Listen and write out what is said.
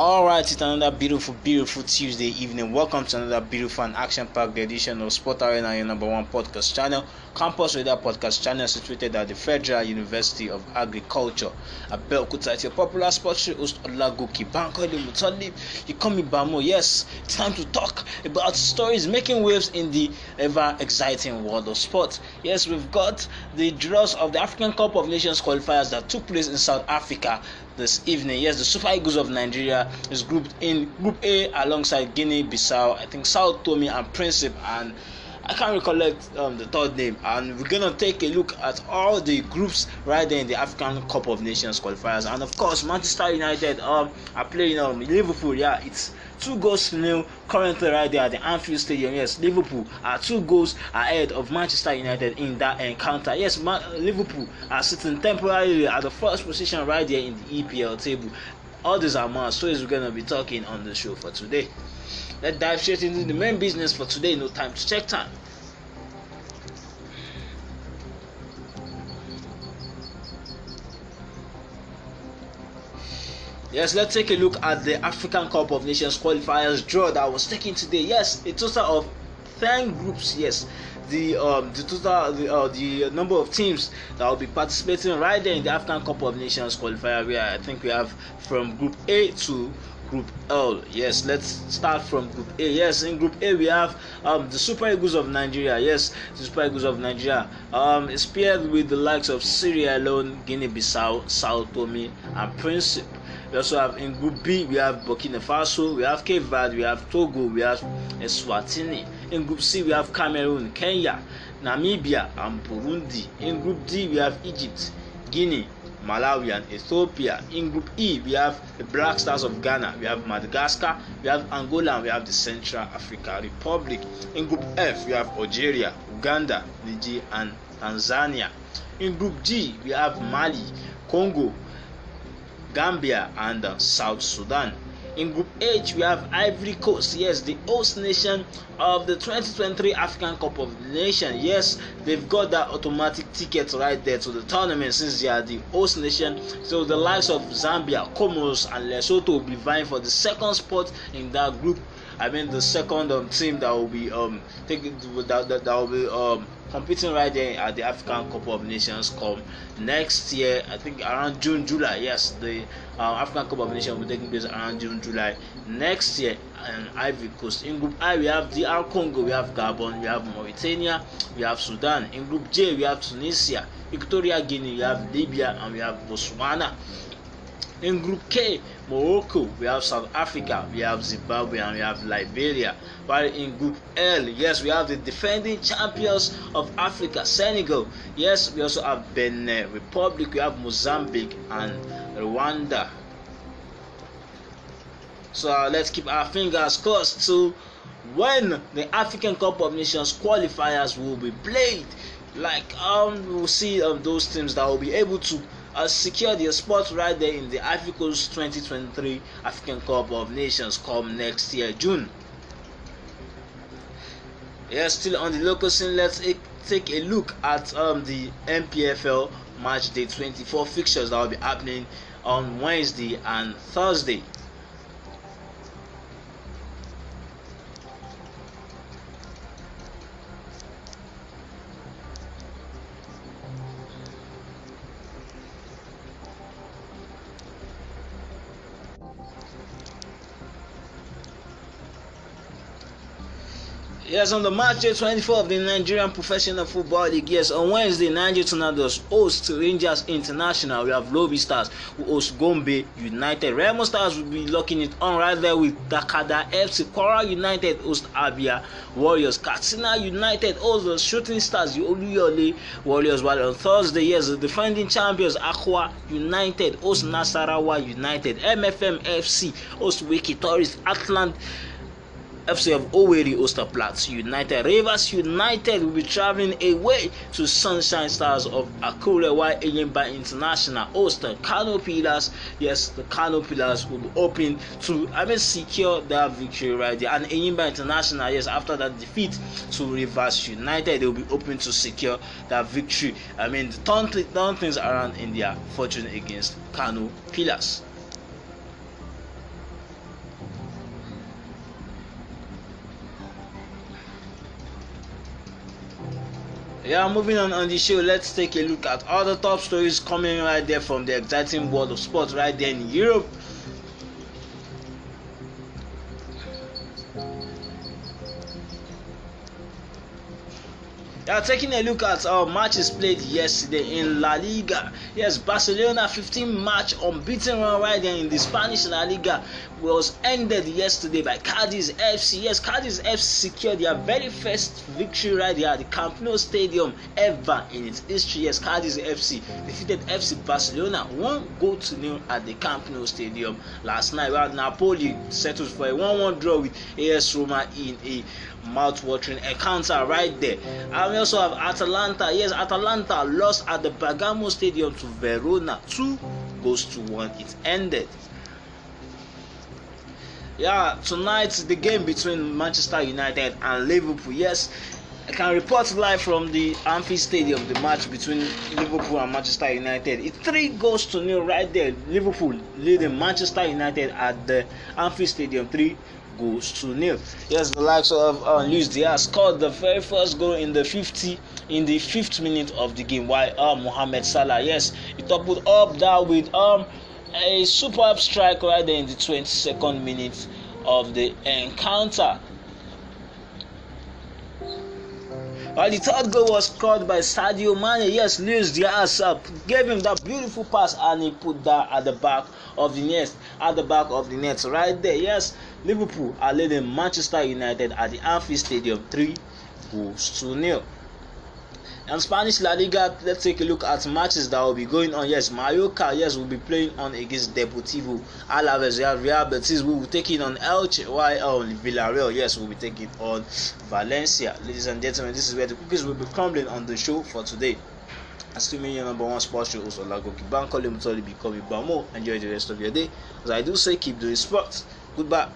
All right, it's another beautiful, beautiful Tuesday evening. Welcome to another beautiful and action-packed edition of Sport Arena, your number one podcast channel. Campus Radar podcast channel situated at the Federal University of Agriculture. Abeokuta, it's your popular sports show host Olagoki Bankole Mutali. You call me Bamo. Yes, it's time to talk about stories making waves in the ever-exciting world of sport. Yes, we've got the draws of the African Cup of Nations qualifiers that took place in South Africa this evening. Yes, the Super Eagles of Nigeria is grouped in Group A alongside Guinea Bissau, I think South Tome and Principe, and I can't recollect um, the third name. And we're gonna take a look at all the groups right there in the African Cup of Nations qualifiers, and of course, Manchester United um, are playing um, Liverpool. Yeah, it's two goals to nil currently right there at the Anfield Stadium. Yes, Liverpool are two goals ahead of Manchester United in that encounter. Yes, Ma Liverpool are sitting temporarily at the first position right there in the EPL table. All these are more stories we're going to be talking on the show for today. Let's dive straight into the main business for today. No time to check time. Yes, let's take a look at the African Cup of Nations qualifiers draw that was taken today. Yes, a total of 10 groups. Yes, the um, the total the, uh, the number of teams that will be participating right there in the African Cup of Nations qualifier. are. I think we have from Group A to Group L. Yes, let's start from Group A. Yes, in Group A we have um, the Super Eagles of Nigeria. Yes, the Super Eagles of Nigeria um, is paired with the likes of Syria, alone Guinea-Bissau, Sao Tome, and Prince, We also have in Group B, we have Burkina Faso, we have Cape Verde, we have Togo, we have Eswatini. In Group C, we have Cameroon, Kenya, Namibia, and Burundi. In Group D, we have Egypt, Guinea, Malawi, and Ethiopia. In Group E, we have the Black Stars of Ghana, we have Madagascar, we have Angola, and we have the Central African Republic. In Group F, we have Algeria, Uganda, Niger, and Tanzania. In Group G, we have Mali, Congo, Gambia, and uh, South Sudan. In Group H, we have Ivory Coast, yes, the host nation of the 2023 African Cup of Nations. Yes, they've got that automatic ticket right there to the tournament since they are the host nation. So the likes of Zambia, Comoros, and Lesotho will be vying for the second spot in that group I mean the second um, team that will be um taking that, that that will be um competing right there at the African Cup of Nations come next year. I think around June, July. Yes, the uh, African Cup of Nations will be taking place around June, July next year. And Ivory Coast. In Group I, we have the Al Congo, we have Gabon, we have Mauritania, we have Sudan. In Group J, we have Tunisia, Victoria Guinea, we have Libya, and we have Botswana. In Group K, Morocco, we have South Africa, we have Zimbabwe, and we have Liberia. While in Group L, yes, we have the defending champions of Africa, Senegal. Yes, we also have Benin Republic, we have Mozambique, and Rwanda. So uh, let's keep our fingers crossed to when the African Cup of Nations qualifiers will be played. Like um, we'll see um, those teams that will be able to uh, secured a spot right there in the Africa's 2023 African Cup of Nations come next year, June. Yeah, still on the local scene, let's take a look at um, the MPFL match day 24 fixtures that will be happening on Wednesday and Thursday. Yes, on the March 24 of the Nigerian Professional Football League, yes, on Wednesday, Niger Tornadoes host Rangers International. We have Lobby Stars who host Gombe United. Remo Stars will be locking it on right there with Dakada FC. Kwara United host Abia Warriors. Katsina United host the Shooting Stars Oluyole Warriors. While on Thursday, yes, the defending champions Aqua United host Nasarawa United. MFM FC host Wiki Tourist Atlant. FC of Owerri Osterplatz United. Rivers United will be traveling away to Sunshine Stars of Akure while Enyimba International host the Kano Pillars. Yes, the Kano Pillars will be open to I mean secure that victory right there. And Enyimba International, yes, after that defeat to Rivers United, they will be open to secure that victory. I mean, turn, turn things around in their fortune against Kano Pillars. Yeah, moving on on the show, let's take a look at all the top stories coming right there from the exciting world of sports right there in Europe. Now taking a look at our matches played yesterday in La Liga. Yes, Barcelona 15 match unbeaten run right there in the Spanish La Liga was ended yesterday by Cadiz FC. Yes, Cadiz FC secured their very first victory right there at the Camp Nou Stadium ever in its history. Yes, Cadiz FC defeated FC Barcelona one goal to nil at the Camp Nou Stadium last night. While Napoli settled for a 1-1 draw with AS Roma in a mouth-watering encounter right there. I mean, we also have Atalanta. Yes, Atalanta lost at the Bergamo Stadium to Verona. Two goes to one. It ended. Yeah, tonight the game between Manchester United and Liverpool. Yes, I can report live from the Anfield Stadium the match between Liverpool and Manchester United. It's three goals to nil right there. Liverpool leading Manchester United at the Anfield Stadium three goals to nil. Yes, the likes of uh, Luis Diaz scored the very first goal in the 50 in the fifth minute of the game. While um, uh, Mohamed Salah, yes, he toppled up that with um a superb strike right there in the 22nd minute of the encounter. Well, the third goal was scored by Sadio Mane. Yes, Luis Diaz uh, gave him that beautiful pass and he put that at the back of the net. At the back of the net, right there. Yes, Liverpool are leading Manchester United at the Anfield Stadium 3 goals to nil. And Spanish La Liga, let's take a look at matches that will be going on. Yes, Mallorca, yes, will be playing on against Deportivo Alaves. Real, Real Betis will be taking on Elche, while on Villarreal, yes, will be taking on Valencia. Ladies and gentlemen, this is where the cookies will be crumbling on the show for today. Assuming your number one sports show is Olagoki Banko Limutoli Bikomi Bamo. Enjoy the rest of your day. As I do say, keep doing sports. Goodbye.